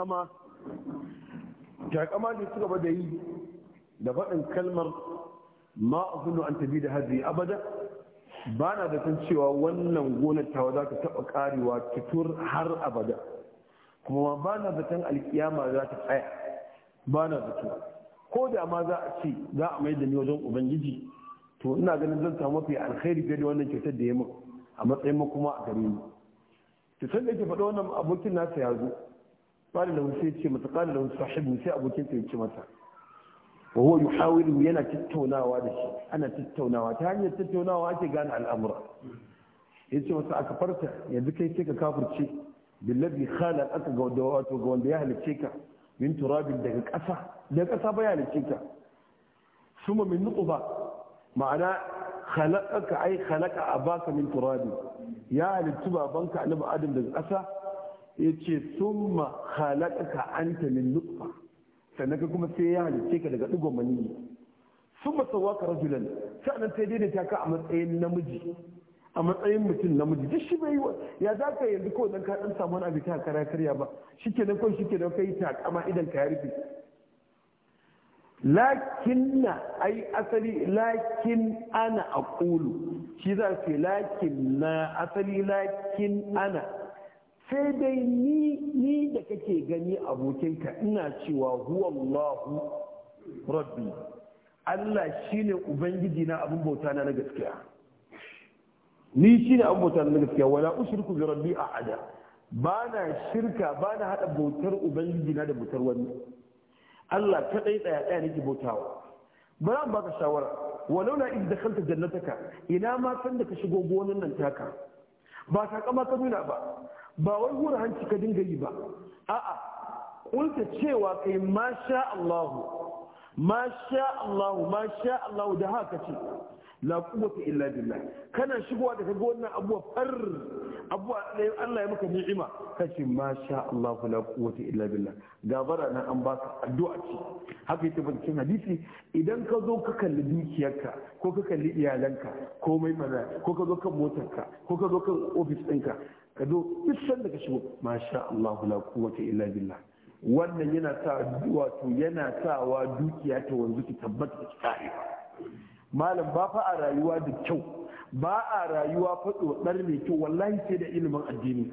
jakama jakama ne suka bada da yi da faɗin kalmar ma azunu an tabi da hadri abada ba na da san cewa wannan gonar tawa za ta taɓa ƙarewa tutur har abada kuma ba na da zaton alkiyama za ta tsaya ba na da zato ko da ma za a ce za a mai da ni wajen ubangiji to ina ganin zan samu mafi alkhairi fiye da wannan kyautar da ya min a matsayin kuma a gare ni to san da yake faɗa wannan abokin nasa ya zo qala lahu sai ce mata qala lahu sahibu sai abokin sa yace mata wa huwa yuhawilu yana tattaunawa da shi ana tattaunawa ta hanyar tattaunawa ake gane al'amura yace masa aka farta yanzu kai sai ka kafirce billazi khalaq aka ga wato ga wanda ya halicce ka min daga ƙasa daga ƙasa ba ya halicce ka suma min nutfa ma'ana khalaqaka a baka min ya halittu babanka annabi adam daga ƙasa Yace ce summa khalaqaka anta min nutfa sannan ka kuma sai ya halice ka daga digon maniyyi summa sawaka rajulan sannan sai daidaita ka a matsayin namiji a matsayin mutum namiji duk shi bai ya za ka yanzu ko dan ka dan samu wani abin ta kara karya ba shikenan ko da kai kama idan ka ya rufe lakinna ai asali lakin ana aqulu shi za ce lakin na asali lakin ana sai dai ni ni da kake gani abokinka ina cewa huwallahu rabbi Allah shine ubangiji na abin bauta na gaskiya ni shine abin bauta na gaskiya wala ushriku bi rabbi ahada bana shirka bana hada bautar ubangiji na da bautar wani Allah ta dai tsaya tsaya nake bautawa ba an baka shawara walau na idda dakhalta jannataka ina ma san da ka shigo gonan nan taka ba sakama ka nuna ba ba wai hura hanci ka dinga yi ba a'a kulta cewa kai ma sha Allah ma sha Allah ma Allah da haka ce la quwwata illa billah kana shigowa da kaga wannan abuwa far abuwa dai Allah ya maka ni'ima kace ma sha Allah la quwwata illa billah gabara nan an baka addu'a ce haka yake cikin hadisi idan ka zo ka kalli dukiyarka ko ka kalli iyalanka komai maza ko ka zo kan motarka ko ka zo kan ofis ɗinka ka zo duk sanda ka shigo masha Allah la quwwata illa billah wannan yana sa wato yana sawa dukiya ta wanzu ki tabbata ki kare malam ba fa a rayuwa da kyau ba a rayuwa faɗo ɗar mai kyau wallahi sai da ilimin addini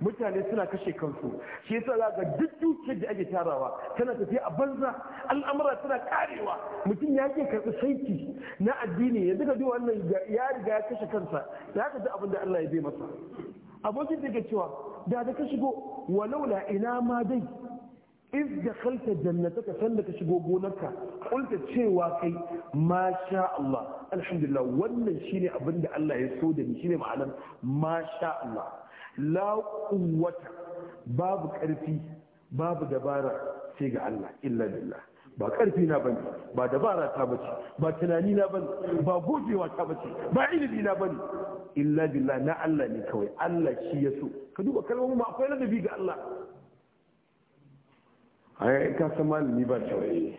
mutane suna kashe kansu shi yasa za ga duk dukiyar da ake tarawa tana tafiya a banza al'amura tana karewa mutum ya ke karɓi saiti na addini ya duka duk wannan ya riga ya kashe kansa ya ka abin da Allah ya bai masa abokin da ke cewa da da ka shigo walaula ina ma dai in da ka san da ka shigo gonarka kulta cewa kai ma sha Allah alhamdulillah wannan shine abin da Allah ya so da ni shine ma'anar ma sha Allah la quwwata babu karfi babu dabara sai ga Allah illa billah ba karfi na bane ba dabara ta bace ba tunani na bane ba gogewa ta bace ba ilimi na bane illa billah na Allah ne kawai Allah shi ya so ka duba kalmar mu akwai ladabi ga Allah ai ka san malami ba tawaye eh.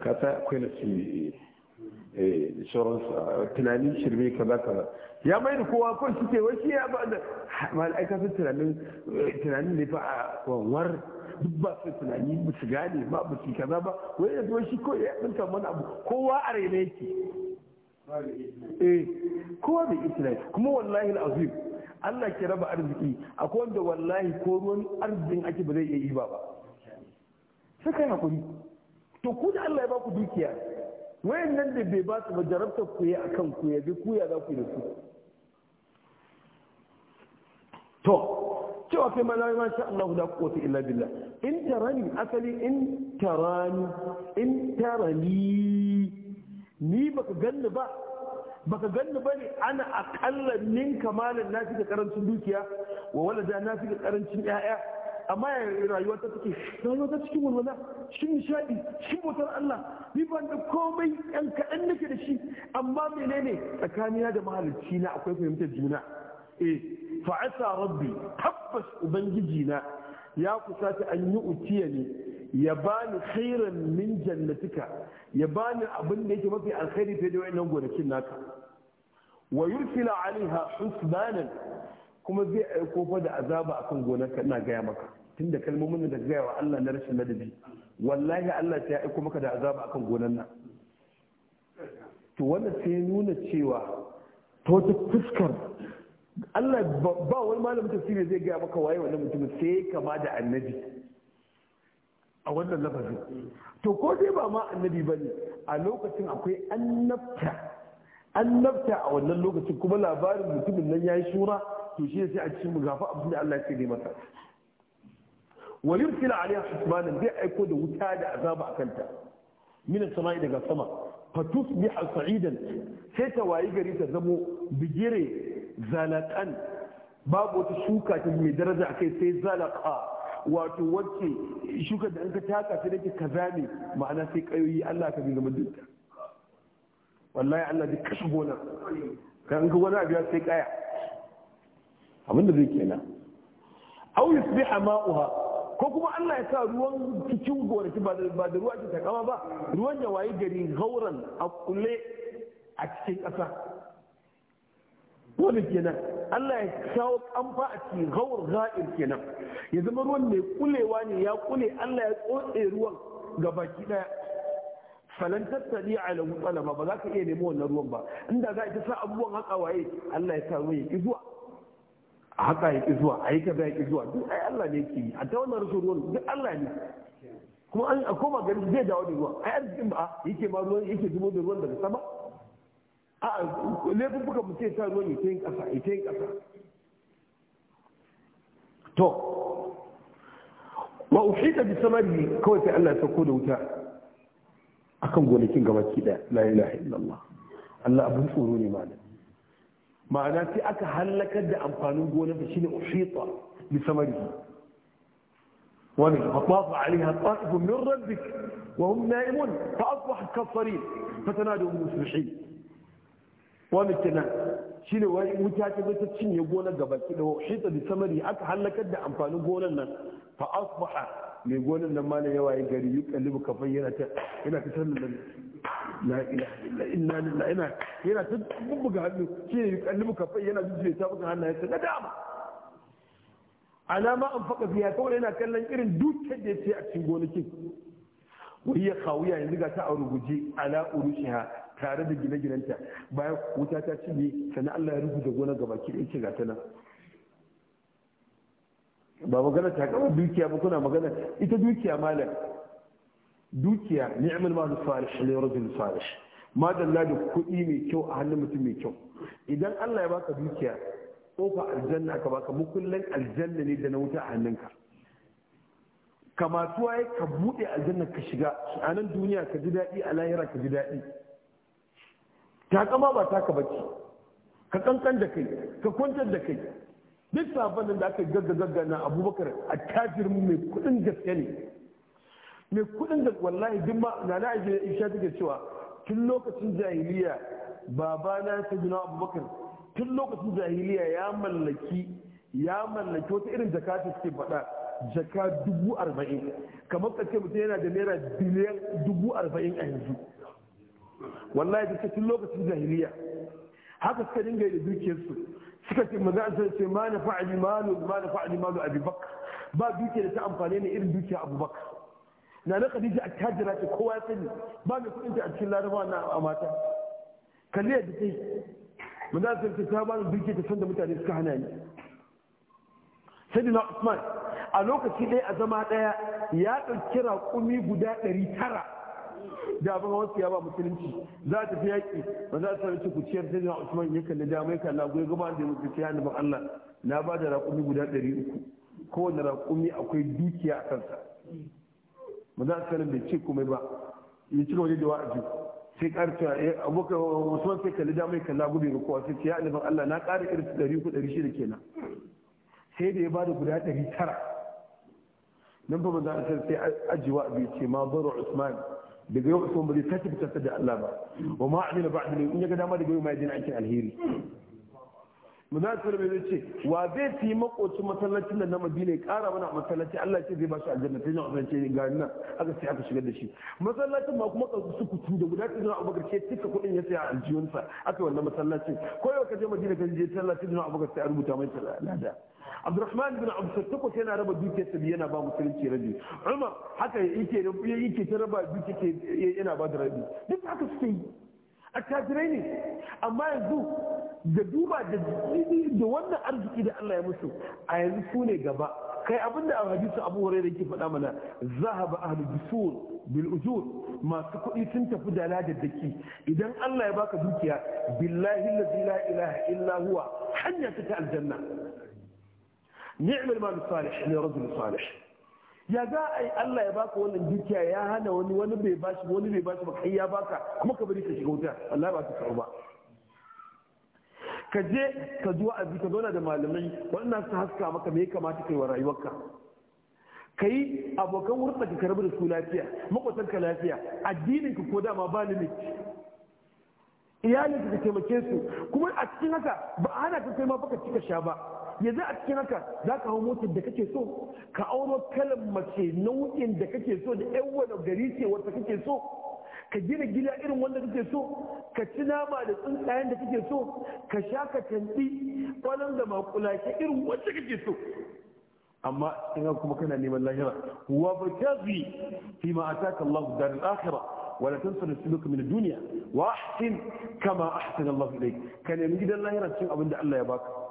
ka ta akwai shi eh, eh shoron tunanin shirme ka baka ya mai da kowa ko shi ce wai shi ya ba da mal ai ka san tunanin eh, tunanin ne fa wanwar duk ba su tunani ba su gane ba ba su kaza ba wai yanzu shi ko ya dinka mana abu kowa a raina yake E kowa bai israel kuma wallahi al'azim Allah ke raba arziki akwai da wallahi ko ruwan arzikin ake ba zai iya yi ba ba sai kai hakuri to ku da Allah ya baku dukiya wayan nan da bai ba su ba jarabta ku yi kan ku ya bi ku ya za ku yi da su to cewa kai mana ma sha Allah ku quwwata illa billah in tarani asali in tarani in tarani ni baka ganni ba baka ganni ba ne ana akalla min kamalin na fika karancin dukiya wa walada na fika karancin yaya amma ya rayuwa ta take rayuwa ta cikin walwala shin nishadi shin motar Allah ni ban da komai yan kaɗan nake da shi amma menene tsakanina da mahalicci na akwai fahimtar juna eh fa'asa rabbi tabbas ubangiji na ya kusa ta an yi uciya ne ya bani khairan min jannatika ya bani abin da yake mafi alkhairi fiye da wayannan gonakin naka wa yursila alaiha husbanan kuma zai aiko fa da azaba akan gonarka ina gaya maka tunda kalmomin da gaya wa Allah na rashin ladabi wallahi Allah ta aiko maka da azaba akan gonar nan to wannan sai nuna cewa ta wata fuskar Allah ba wani malamin tafsiri zai gaya maka waye wannan mutumin sai kama da annabi a wannan lafazin to ko dai ba ma annabi ba ne a lokacin akwai annabta annabta a wannan lokacin kuma labarin mutumin nan ya yi shura to shi sai a cikin gafa abin da Allah ya ce masa walin fila alaiha husbanan zai aiko da wuta da azaba a kanta minan sama'i daga sama fatus al sa'idan sai ta wayi gari ta zamo bigire zalakan babu wata shuka ta mai daraja akai sai zalaka wato wacce shukar da an ka taka ta dake kaza ne ma'ana sai kayoyi Allah ka zama dinta wallahi Allah zai kashe gona kan ka wani abu ya sai kaya abinda zai kenan aw yusbiha ma'uha ko kuma Allah ya sa ruwan cikin gonaki ba da ruwa ke takama ba ruwan ya wayi gari gauran a kulle a cikin ƙasa wani kenan Allah ya kawo kamfa a cikin gawar za'ir kenan ya zama ruwan mai kulewa ne ya kule Allah ya tsotse ruwan ga baki daya falan tattali ala tsalama ba za ka iya nemo wannan ruwan ba inda za a ta sa abubuwan haka waye Allah ya sa ruwan ya ki zuwa a haka ya ki zuwa a yi kaza ya ki zuwa duk ai Allah ne ke yi a ta wannan rashin ruwan duk Allah ne kuma an koma gari zai dawo da ruwan ai arzikin ba yake ma ruwan yake zubo da ruwan daga sama a laifuffuka mu sai sa ruwan ita yin ƙasa ita yin ƙasa to wa uhita bi samari kawai sai Allah ya sauko da wuta akan gonakin gabaki daya la ilaha illallah Allah abun tsoro ne malam ma'ana sai aka halakar da amfanin gonar da shine uhita bi samari ومن فطاف عليها طائف من ربك وهم نائمون فأصبحت كالصريم فتنادوا المسبحين wani shi ne wani wuta ta bata cinye gonar ga baki da hita da samari aka halakar da amfanin gonar nan fa asbaha mai gonar nan ma ne yawa ya gari yi kallibu kafai yana ta yana ta nan la ilaha illa illa ina yana ta bubuga hannu shi ne yi kallibu kafai yana zuciya ta buga ya ta dama alama an faka fiya kawai yana kallon irin dukkan da ya ce a cikin gonakin wai ya kawuya yanzu ga ta a ruguje ala urushiha tare da gine-ginenta bayan wuta ta cinye sannan Allah ya rubuta gona ga baki da ce gata nan ba magana ta kama dukiya ba kuna magana ita dukiya malam dukiya ni'mal malu salih ne rajul salih madalla da kuɗi mai kyau a hannun mutum mai kyau idan Allah ya baka dukiya kofa aljanna ka, baka mukullan aljanna ne da na wuta a hannunka kamatuwa ya ka buɗe aljanna ka shiga a nan duniya ka ji daɗi a lahira ka ji daɗi takama ba taka bace ka kankan da kai ka kwantar da kai duk sabon da aka gagga gagga na abubakar a tajir mai kudin gaske ne mai kudin da wallahi duk ma na na ajiye isha take cewa tun lokacin jahiliya babana ta gina abubakar tun lokacin jahiliya ya mallaki ya mallaki wata irin jaka ta suke faɗa jaka dubu arba'in kamar ka ce mutum yana da naira biliyan dubu arba'in a yanzu wallahi duka tun lokacin jahiliya haka suka dinga da dukiyarsu suka ce maza an san ce ma na fa'ali malu ma na fa'ali malu abubakar ba dukiyar da ta amfani ne irin dukiyar abubak na na khadija a tajira ce kowa ya sani ba mai kudin ta a cikin laraba na a mata kalli yadda ta yi maza an san ce ta bani dukiyar ta san da mutane suka hana ni sani na usman a lokaci ɗaya a zama ɗaya ya ɗauki raƙumi guda ɗari tara da abin hawan siya ba musulunci za ta fi yaƙi ba za ta rike kuciyar sai da Usman ya kalli dama ya kalla goyi gaba da mutum ya ni Allah na ba da raƙumi guda ɗari uku kowane raƙumi akwai dukiya a kansa ba za su bai ce komai ba ya ci gaba da wa'azi sai eh, karta abokan Usman sai kalli dama ya kalla gobe ga kowa sai ce ya annabin Allah na ƙara irin ɗari uku ɗari shida kenan sai da ya ba da guda ɗari tara nan ba za Allah sai ajiwa bai ce ma baro Usman daga yau kasuwan ba zai tafi fitar da Allah ba wa ma amila ba amila in yaga ga dama daga yau ma ya aikin alheri munafir mai zai ce wa zai fi makocin masallacin da na madina ya kara mana masallaci Allah ce zai ba shi aljanna sai na ce ga nan aka sai aka shigar da shi masallacin ma kuma kansu su kutu da guda tsina abubakar ce tuka kuɗin ya sai a aljiyonsa aka wannan masallacin ko yau ka je madina ka je sallacin da abubakar sai a rubuta mai lada abdurrahman bin takwas yana raba dukiyarsa biyu yana ba musulunci rabi umar haka yake yake ta raba dukiyarsa yana ba da rabi duk haka suke yi attajirai ne amma yanzu da duba da wannan arziki da Allah ya musu a yanzu su ne gaba kai abinda a hadisin abu hurairah ke faɗa mana zahaba ahli dusur bil ujur masu kuɗi sun tafi da ladaddaki idan Allah ya baka dukiya billahi la ilaha illa huwa hanya ta aljanna ni'mal mal salih ne rajul salih ya za ai Allah ya baka wannan dukiya ya hana wani wani bai bashi wani bai bashi ba kai ya baka kuma ka bari ka shiga wuta Allah ba ta karu ba ka je ka zuwa a ka zauna da malamai wannan su haska maka me ya kamata kai wa rayuwarka ka yi abokan hurɗa ka karbi da su lafiya makwatan ka lafiya addinin ka ko dama ba limit iyalin ka taimake su kuma a cikin haka ba a hana ka kai ma baka cika sha ba yanzu a cikin haka za ka hau motar da kake so ka auro kalan mace nau'in da kake so da yan wani gari ce wata kake so ka gina gida irin wanda kake so ka ci nama da tsuntsayen da kake so ka sha ka tanti kwanan da makulake irin wanda kake so amma in kuma kana neman lahira wa bakazi fi ma ataka Allahu darul akhirah ولا تنسى نسلك من الدنيا واحسن كما احسن الله gidan lahira يمجد الله يرسل Allah ya baka.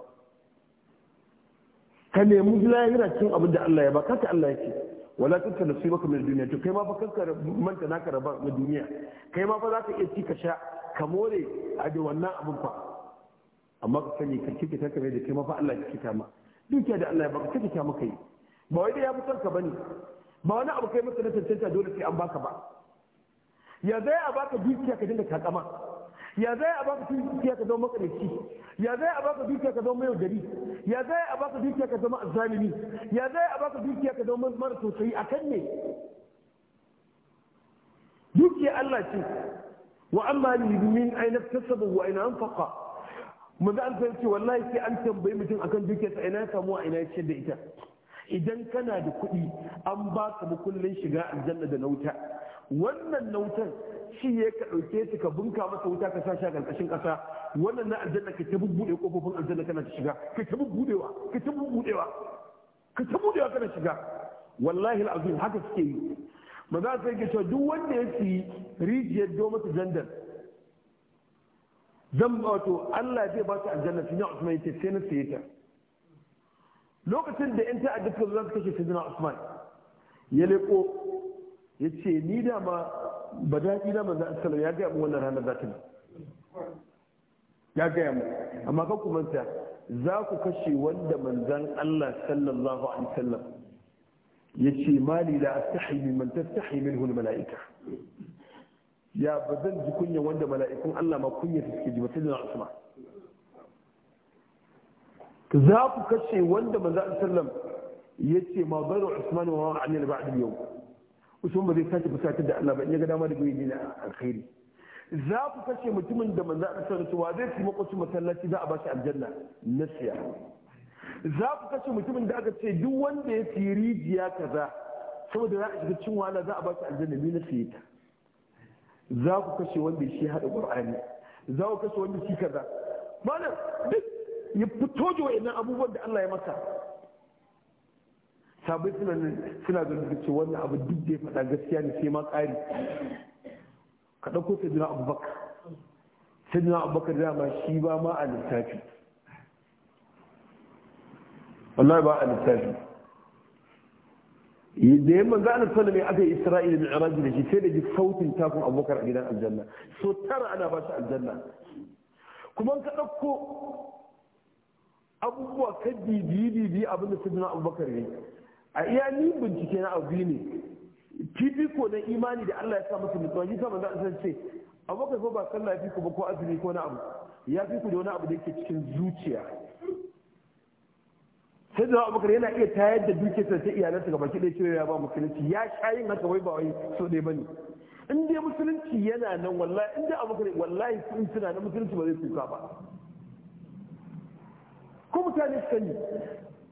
ka nemi lahira cikin abin da Allah ya ba kanka Allah ya ce wala tanka nasibaka min duniya to kai ma fa kanka manta naka raba na duniya kai ma fa za ka iya ci ka sha ka more a da wannan abin fa amma ka sani ka ci ka kai da kai ma fa Allah ya kita ma dukiya da Allah ya baka kike ta maka yi ba wai da ya fi ka bane ba wani abu kai masa na tantance dole sai an baka ba ya zai a baka dukiya ka dinga takama ya zai a baka dukiya ka zama makarici ya zai a baka dukiya ka zama yaudari ya zai a baka dukiya ka zama azzalimi ya zai a baka dukiya ka zama mara tausayi kan ne dukiya Allah ce wa amma yi min aina tasabu wa aina anfaqa mun an ce wallahi sai an tambayi mutum akan dukiyarsa ina ya samu ina ya da ita idan kana da kuɗi an baka mukullin shiga aljanna da nauta wannan nautan ci ka ɗauke shi ka bunka masa wuta ka sashi a ƙarƙashin ƙasa wannan na aljanna ka ta bubbuɗe ƙofofin aljanna kana ta shiga ka ta bubbuɗewa ka ta bubbuɗewa ka ta buɗewa kana shiga wallahi al'azim haka suke yi maza sai ke cewa duk wanda ya ci rijiyar domata jandar zan wato Allah zai ba ta aljanna sun yi Usman yace sai na saye ta lokacin da yan ta addu'a za su kashe na Usman ya leko ya ce ni da ma ba daɗi na manzo sallallahu ya gaya mu wannan ranar za ta ya gaya mu amma kan ku manta za ku kashe wanda manzan Allah sallallahu alaihi wasallam ya ce mali la astahi min man tastahi minhu al malaika ya ba zan ji kunya wanda mala'ikun Allah ma kunya su suke ji ba sai da Usman za ku kashe wanda manzo sallam ya ce ma bar Usman wa an al ba'd yau usman ba zai sake fusatar da Allah ba in ya ga dama da goyi na alkhairi za ku kashe mutumin da manzo Allah sallallahu alaihi zai taimako su masallaci za a ba shi aljanna nasiya za ku kashe mutumin da aka ce duk wanda ya ci rijiya kaza saboda za a shiga cin wahala za a ba shi aljanna ne nasiya ta za ku kashe wanda shi hada qur'ani za ku kashe wanda shi kaza malam duk ya fito da wayannan abubuwan da Allah ya masa sabai suna nan suna ganin ce wannan abu duk da ya faɗa gaskiya ne sai ma ƙari ka ɗauko sai duna abubakar sai duna abubakar dama shi ba ma a littafi wallahi ba a littafi da yamma za a sanar mai aka yi isra'ila da iraji da shi sai da ji sautin takun abubakar a gidan aljanna so tara ana ba shi aljanna kuma ka ɗauko abubuwa ka bibiyi bibiyi abinda da sai duna abubakar ne a iya ni bincike na abu ne fifiko na imani da Allah ya sa masa mutuwa shi za a san ce abokai ko ba sallah lafi ko ba ko azumi ko na abu ya fi ku da wani abu da yake cikin zuciya sai da abokai yana iya tayar da dukiyarsa ta iyalansa ga baki ɗaya cewa ya ba musulunci ya sha yin haka wai ba wai so ba bane in dai musulunci yana nan wallahi in dai abubakar wallahi sun suna na musulunci ba zai kuka ba ko mutane su sani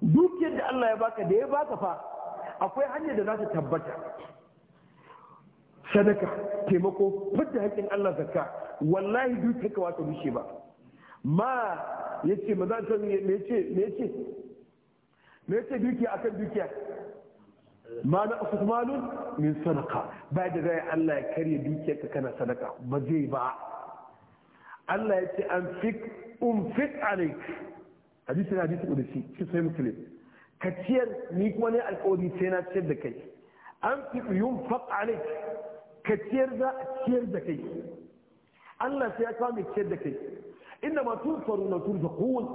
dukiyar da Allah ya baka da ya baka fa akwai hanyar da za ta tabbata sadaka taimako fadda hakkin Allah zakka wallahi dukiyar ka wata rushe ba ma ya ce maza ta me ce me ce me ce dukiya akan dukiya ma na usmanun min sadaka Bai da zai Allah ya karya dukiyar ka kana sadaka ba zai ba Allah ya ce an fik umfik alaik hadisi na hadisi kudusi shi sai musulun ka ciyar ni kuma ne alkawari sai na ciyar da kai an fi yun faɗa ka ciyar za a ciyar da kai Allah sai ya kawo mai ciyar da kai inda ma turfaru na turzaqun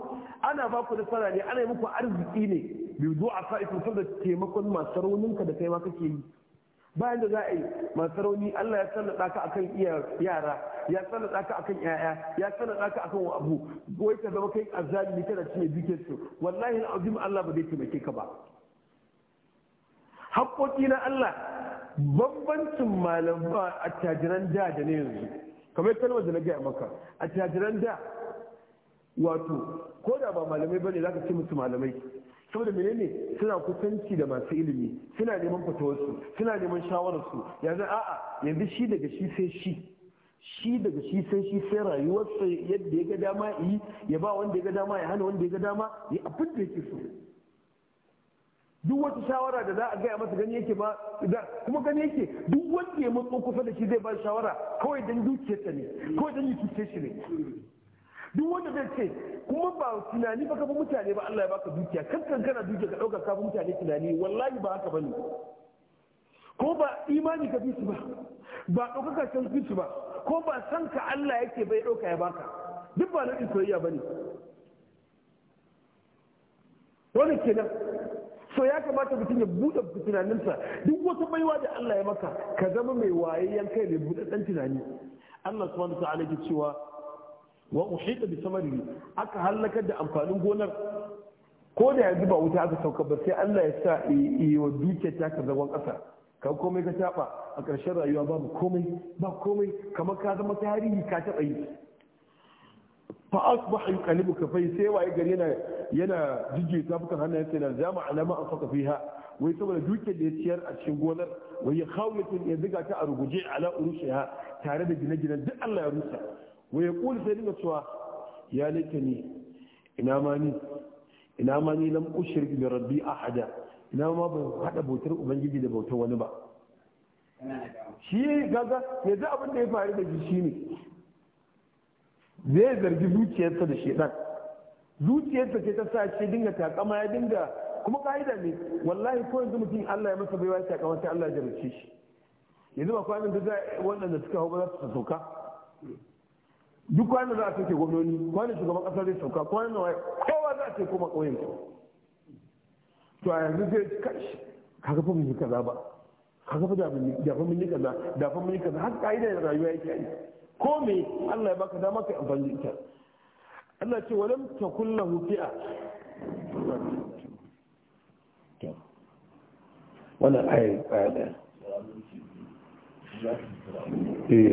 ana ba ku nasara ne ana yi muku arziki ne a du'a fa'ikum saboda taimakon masu rauninka da kai ma kake yi bayan da za a yi masu rauni Allah ya sallada ka akan yara ya sallada ka akan yaya ya sallada ka akan abu wai ka zama kai azzalimi kana cinye dukiyar su wallahi na alazim Allah ba zai taimake ka ba haƙoƙi na Allah bambancin malamba a tajiran da da ne yanzu kamar kalmar da na gaya maka a tajiran da wato ko da ba malamai ba ne za ka ce musu malamai saboda menene suna kusanci da masu ilimi suna neman fatawarsu suna neman shawararsu yanzu a'a yanzu shi daga shi sai shi shi daga shi sai shi sai rayuwarsa yadda ya ga dama yi ya ba wanda ya ga dama ya hana wanda ya ga dama ya abin da yake so duk wata shawara da za a gaya masa gani yake ba kuma gani yake duk wanda ya matso kusa da shi zai ba shawara kawai dan dukiyarsa ne kawai dan yi shi ne duk wanda zai ce kuma ba tunani ba kafa mutane ba Allah ya baka dukiya kan kankana dukiya ka dauka kafa mutane tunani wallahi ba haka bane ko ba imani ka bi su ba ba ɗaukaka can bi su ba ko ba san ka Allah yake bai ɗauka ya baka duk ba nau'in soyayya ba ne wani kenan so ya kamata mutum ya buɗe tunaninsa duk wata baiwa da Allah ya maka ka zama mai wayayyen kai mai buɗaɗɗen tunani Allah subhanahu wa ta'ala yake cewa wa uhita bi samarihi aka halaka da amfanin gonar ko da yanzu ba wuta aka sauka ba sai Allah ya sa yi wa dukiyar ta ka zagon ƙasa ka komai ka taɓa a ƙarshen rayuwa babu komai ba komai kamar ka zama tarihi ka taɓa yi fa asbaha yuqallibu kafai sai waye gari yana yana ta tafukan hannayen sai na zama alama an saka fiha wai saboda duke da ya ciyar a cikin gonar wai ya khawlatin ya ziga ta a ruguje ala urushiha tare da gine gine duk Allah ya rusa wa ya kuli sai dinga cewa ya laita ni ina ma ni ina ma ni lam ushrik bi rabbi ahada ina ma ban hada bautar ubangiji da bautar wani ba shi gaga yanzu abin da ya faru da shi ne zai zargi zuciyarsa da shedan zuciyarsa ce ta sa shi dinga takama ya dinga kuma ka'ida ne wallahi ko yanzu mutum Allah ya masa baiwa ya takama sai Allah ya jarrace shi yanzu ba kwanan da waɗanda suka hau ba za su sauka duk kwanan za a soke gwamnoni kwanan shugaban kasar zai sauka kwanan nawa kowa za a ce kuma ƙauyen su to a yanzu zai kashi kaga fa mun yi kaza ba kaga fa dafa mun yi kaza dafa fa mun yi kaza har da rayuwa yake yi ko me Allah ya baka dama kai amfani da ita Allah ce walam takun lahu fi'a wannan ayi aya da eh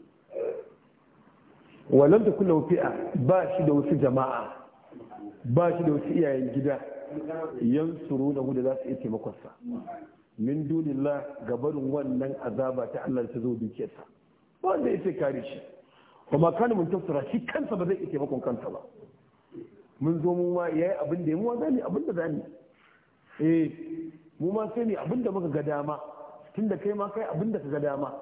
walam da kula fi'a ba shi da wasu jama'a ba shi da wasu iyayen gida yan suru da da za su iya taimakonsa min dunillah gabarin wannan azaba ta Allah ta zo dukiyarsa ba wanda ya ce kare shi kuma kan mun tafsira shi kansa ba zai iya taimakon kansa ba mun zo mu ma yayi abin da mu ma zani abin da zani eh mu ma sai ne abin da muka ga dama tunda kai ma kai abin da ka ga dama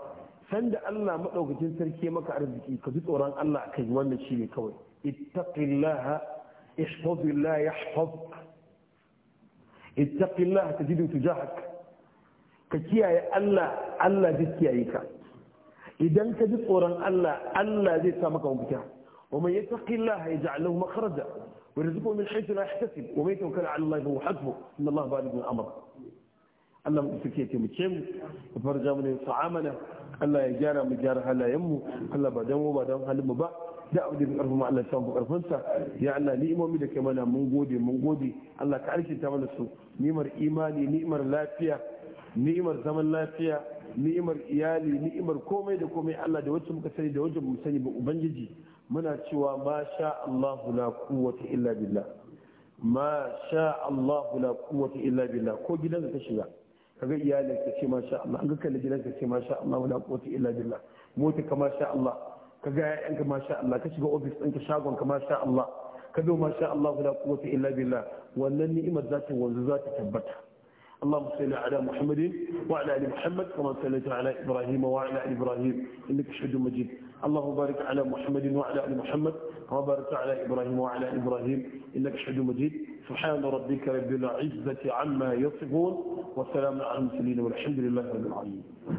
sanda Allah maɗaukacin sarki maka arziki ka ji tsoron Allah akan wannan shi ne kawai ittaqillaha ihfazillah yahfazuk ittaqillaha tajidu tujahak ka kiyaye Allah Allah zai kiyaye ka idan ka ji tsoron Allah Allah zai sa maka mafita ومن يتق الله يجعل له مخرجا ويرزقه من حيث لا يحتسب ومن يتوكل على الله فهو حسبه ان الله بالغ من امره Allah mu suke taimake mu ku farja mu ne su amana Allah ya gyara mu gyara halayen mu Allah ba dan ba dan halin mu ba da abu da bi karfin Allah ya ku karfin sa ya Allah ni'imomi da kai mana mun gode mun gode Allah ka alkinta mana su ni'imar imani ni'imar lafiya ni'imar zaman lafiya ni'imar iyali ni'imar komai da komai Allah da wacce muka sani da wacce mu sani ba ubangiji muna cewa ma sha Allah la quwwata illa billah ma sha Allah la quwwata illa billah ko gidan da ta shiga kaga iyalin ka ce masha Allah an ga kalli gidan ka ce masha Allah wala quwwata illa billah mota ka masha Allah kaga ƴaƴan ka masha Allah ka shiga office ɗin ka shagon ka masha Allah ka zo masha Allah wala quwwata illa billah wannan ni'imar za ta wanzu za ta tabbata اللهم صل على محمد وعلى ال محمد كما صليت على ابراهيم وعلى ال ابراهيم انك حميد مجيد اللهم بارك على محمد وعلى ال محمد كما باركت على ابراهيم وعلى ال ابراهيم انك حميد مجيد سبحان ربك رب العزه عما يصفون وسلام على المرسلين والحمد لله رب العالمين